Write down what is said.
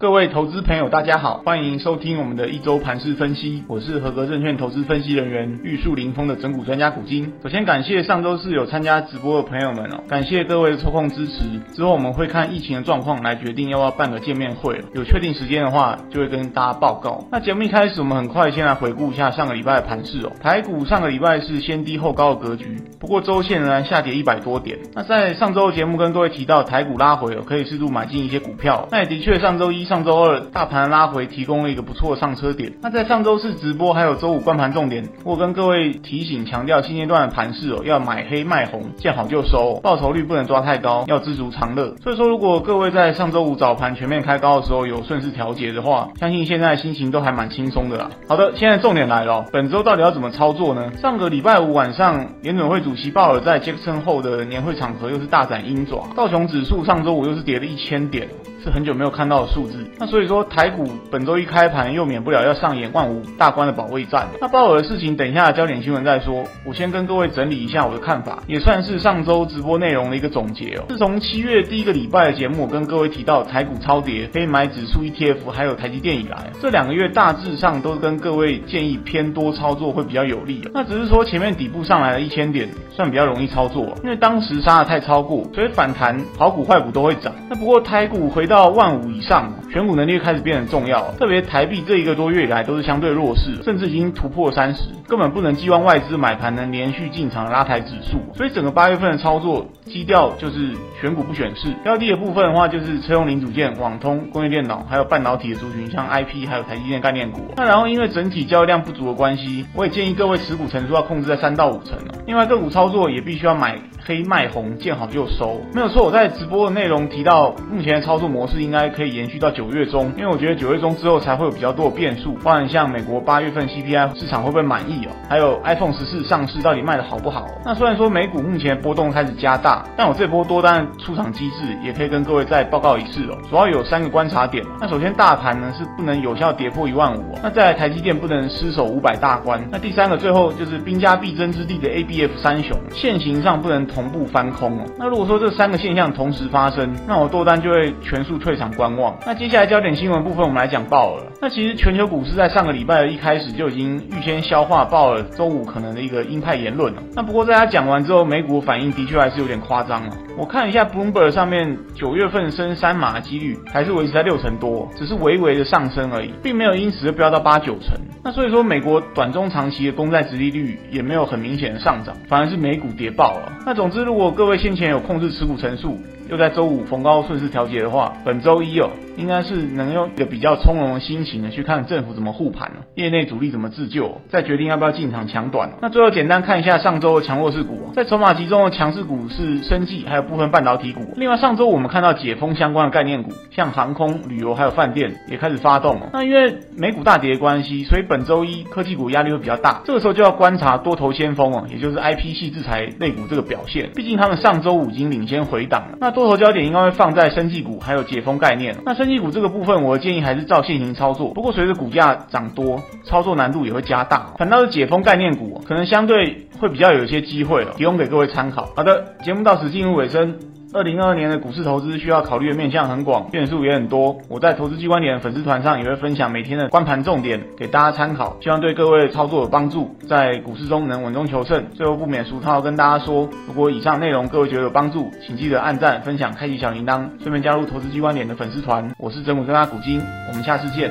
各位投資朋友，大家好，歡迎收聽我們的一周盤勢分析。我是合格證券投資分析人員玉樹臨風的整股專家古金。首先感謝上周四有參加直播的朋友們哦、喔，感謝各位的抽空支持。之後我們會看疫情的狀況來決定要不要辦個見面會、喔。有確定時間的話，就會跟大家報告。那節目一開始，我們很快先來回顧一下上個禮拜的盤勢哦。台股上個禮拜是先低後高的格局，不過周線仍然下跌一百多點。那在上周節目跟各位提到，台股拉回了、喔，可以適度買進一些股票、喔。那也的確，上周一。上周二大盤拉回，提供了一個不錯的上車點。那在上周四直播還有周五觀盤重點，我跟各位提醒強調現階段的盤勢哦，要買黑賣紅，見好就收，報酬率不能抓太高，要知足常樂。所以說，如果各位在上周五早盤全面開高的時候有順勢調節的話，相信現在心情都還蠻輕鬆的啦。好的，現在重點來了，本周到底要怎麼操作呢？上個禮拜五晚上，聯準會主席鮑爾在 Jackson Hole 的年會場合又是大展鷹爪，道瓊指數上周五又是跌了一千點。是很久沒有看到的數字，那所以說台股本周一開盤又免不了要上演萬五大關的保衛戰。那鮑爾的事情等一下焦點新聞再說，我先跟各位整理一下我的看法，也算是上周直播內容的一個總結哦。自從七月第一個禮拜的節目跟各位提到台股超跌可以買指數 ETF，還有台積電以來，這兩個月大致上都跟各位建議偏多操作會比較有利哦。那只是說前面底部上來了一千點算比較容易操作，因為當時殺的太超過，所以反彈好股壞股都會漲。那不過台股回到萬五以上，選股能力開始變得重要，特別台幣這一個多月以來都是相對弱勢，甚至已經突破三十，根本不能寄望外資買盤能連續進場拉抬指數，所以整個八月份的操作基調就是選股不選市，標的的部分的話就是車用零組件、網通、工業電腦，還有半導體的族群，像 IP 還有台積電概念股。那然後因為整體交易量不足的關係，我也建議各位持股成數要控制在三到五成，另外個股操作也必須要買。黑賣紅，見好就收，沒有錯。我在直播的內容提到，目前的操作模式應該可以延續到九月中，因為我覺得九月中之後才會有比較多的變數，包含像美國八月份 CPI 市場會不會滿意哦，還有 iPhone 十四上市到底賣的好不好哦？那雖然說美股目前波動開始加大，但我這波多單出場機制也可以跟各位再報告一次哦。主要有三個觀察點，那首先大盤呢是不能有效跌破一萬五，那在台積電不能失守五百大關，那第三個最後就是兵家必爭之地的 ABF 三雄，線型上不能。同步翻空哦。那如果說這三個現象同時發生，那我多單就會全數退場觀望。那接下來焦點新聞部分，我們來講鮑爾。那其實全球股市在上個禮拜的一開始就已經預先消化鮑爾週五可能的一個鷹派言論了。那不過在他講完之後，美股反應的確還是有點誇張了。我看一下 Bloomberg 上面九月份升三碼的幾率還是維持在六成多，只是微微的上升而已，並沒有因此就飆到八九成。那所以說美國短中長期的公債殖利率也沒有很明顯的上漲，反而是美股跌爆了那種。總之，如果各位先前有控制持股成數，又在周五逢高順勢調節的話，本周一哦，應該是能用一個比較從容的心情呢去看政府怎麼護盤了，業內主力怎麼自救、啊，再決定要不要進場搶短、啊、那最後簡單看一下上周的強弱勢股、啊，在籌碼集中的強勢股是生技，還有部分半導體股。另外上周我們看到解封相關的概念股，像航空、旅遊還有飯店也開始發動了。那因為美股大跌的關係，所以本周一科技股壓力會比較大。這個時候就要觀察多頭先鋒哦，也就是 IP 系制裁類股這個表現，畢竟他們上周五已經領先回檔了。那多頭焦點應該會放在生技股，還有解封概念、哦。那生技股這個部分，我的建議還是照現行操作。不過隨着股價漲多，操作難度也會加大、哦。反倒是解封概念股，可能相對會比較有一些機會了、哦，提供給各位參考。好的，節目到此進入尾聲。二零二二年的股市投資需要考慮的面向很廣，變數也很多。我在投資 G 觀點的粉絲團上也會分享每天的觀盤重點給大家參考，希望對各位的操作有幫助，在股市中能穩中求勝。最後不免俗套，跟大家說，如果以上內容各位覺得有幫助，請記得按讚、分享、開啟小鈴鐺，順便加入投資 G 觀點的粉絲團。我是真武正阿古今，我們下次見。